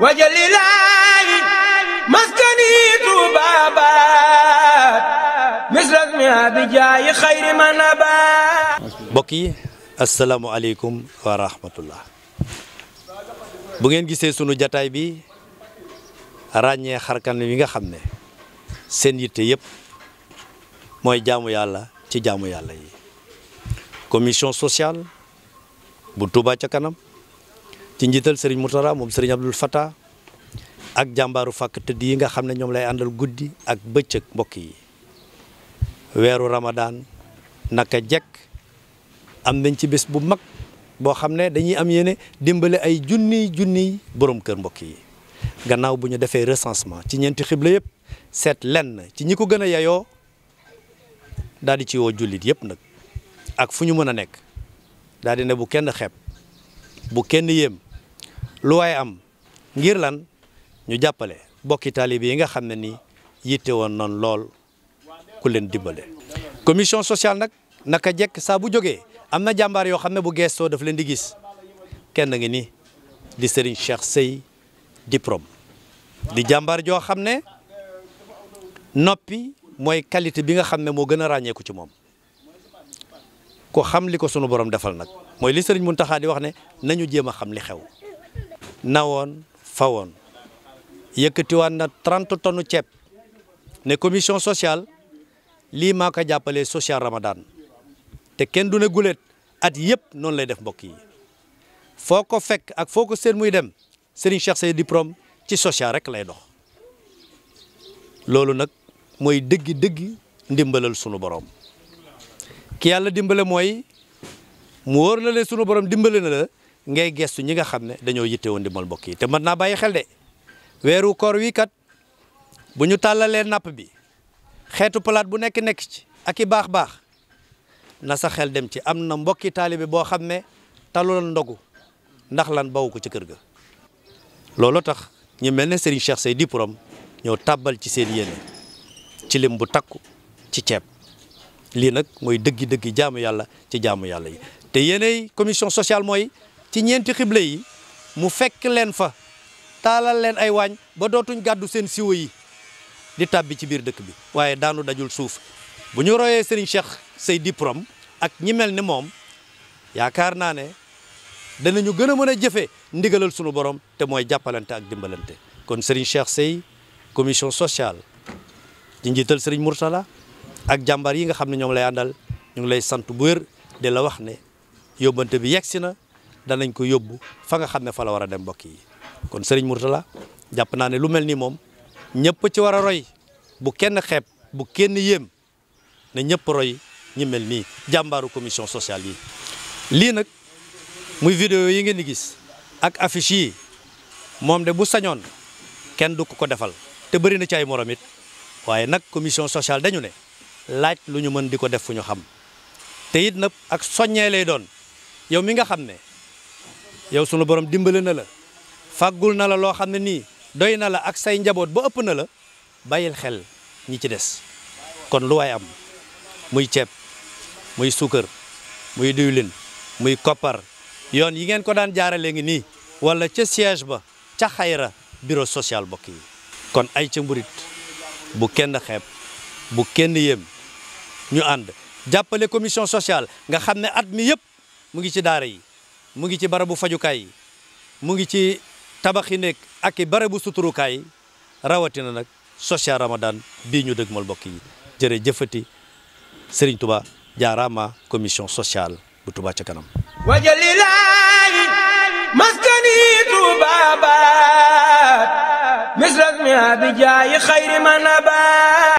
wajalilaayi maskani Tuubaa misras mi abijaayi xayri man abaat mbokk yi asalaamualeykum wa rahmatullah bu ngeen gisee sunu jataay bi ràññee xarkan yi nga xam ne seen yitte yépp mooy jaamu yàlla ci jaamu yàlla yi commission sociale bu tuubaa ca kanam ci njiital Serigne Mourtala moom Serigne Abdoul Fattah ak jàmbaaru fàkk tëdd yi nga xam ne ñoom lay àndal guddi ak bëccëg mbokk yi weeru Ramadan naka jekk am nañ ci bés bu mag boo xam ne dañuy am yéene dimbale ay junniy junniy boroom kër mbokk yi gannaaw bu ñu defee recensement ci ñeenti xibla yëpp seet lenn ci ñi ko gën a yayoo daal di ci woo jullit yëpp nag ak fu ñu mën a nekk daal di ne bu kenn xeeb bu kenn yem lu waaye am ngir lan ñu jàppale bokki taalibe yi nga xam ne nii yitte woon noonu lool ku leen dimbale. commission sociale nag naka jekk saa bu jógee am na jàmbaar yoo xam ne bu geestoo daf leen di gis kenn ngi ni di sëriñ Cheikh Sey diplôme di jàmbaar joo xam ne noppi mooy qualité bi nga xam ne moo gën a ràññeeku ci moom ko xam li ko sunu borom defal nag mooy li Serigne Mountakha di wax ne nañu jéem a xam li xew. nawoon fawoon yëkkatiwaat na 30 tonnes ceeb ne commission sociale lii maa ko jàppale social Ramadan te kenn du ne guléet at yëpp noonu lay def mbokk yi foo ko fekk ak foo ko seen muy dem Serigne Cheikh Seydi Prom ci social rek lay dox loolu nag mooy dëggi dëggi ndimbalal sunu borom ki yàlla dimbale mooy mu wóor la ne sunu borom dimbale na la. ngay gestu ñi nga xam ne dañoo yittewoo ndimbal mbokk yi te mën naa bàyyi xel de weeru koor wii kat bu ñu tàllalee napp bi xeetu palaat bu nekk nekk ci ak i baax baax na sa xel dem ci am na mbokki taalibe boo xam ne talul ndogu ndax lan bawu ko ci kër ga. loolu tax ñu mel ne Serigne Cheikh Seydi Pouram ñoo tàbbal ci seen yéene ci lim bu takku ci ceeb lii nag mooy dëggi dëggi jaamu yàlla ci jaamu yàlla yi te yéeney commission sociale mooy. ci ñeenti xible yi mu fekk leen fa taalal leen ay waañ ba dootuñ gàddu seen siwo yi di tàbbi ci biir dëkk bi waaye daanu dajul suuf bu ñu royee Serigne Cheikh Seydi Prom ak ñi mel ni moom yaakaar naa ne danañu gën a mën a jëfe ndigalal sunu borom te mooy jàppalante ak dimbalante kon Serigne Cheikh Sey commission sociale ci njiital sëriñ Mourtala ak jàmbar yi nga xam ne ñoom lay àndal ñu ngi lay sant bu wér di la wax ne yóbbante bi yegsi na danañ ko yóbbu fa nga xam ne fa la war a dem mbokk yi kon Serigne Mourtala jàpp naa ne lu mel nii moom ñëpp ci war a roy bu kenn xeeb bu kenn yéem ne ñëpp roy ñi mel nii jàmbaaru commission sociale yi. lii nag muy vidéo yi ngeen di gis ak affiche yi moom de bu sañoon kenn du ko ko defal te bëri na ci ay morom waaye nag commission sociale dañu ne laaj lu ñu mën di ko def fu ñu xam te it nag ak soññee lay doon yow mi nga xam ne. yow sunu borom dimbale na la fàggul na la loo xam ne nii doy na la ak say njaboot ba ëpp na la bàyyil xel ñi ci des kon lu waay am muy ceeb muy suukar muy diwlin muy koppar yoon yi ngeen ko daan jaarale ngi nii wala ca siège ba ca xayra bureau social mbokk yi kon ay ca mburit bu kenn xeeb bu kenn yéem ñu ànd jàppale commission social nga xam ne at mi yëpp mu ngi ci daara yi mu ngi ci barabu fajukaay yi mu ngi ci tabaxi nekk ak i barabu suturukaay rawatina nag social ramadan bii ñu dëgmal mbokk yi jërë jëfati Serigne Touba jaaraama commission sociale bu Touba ca kanam wajalilaayi misras mi abijaayi xayri man abaat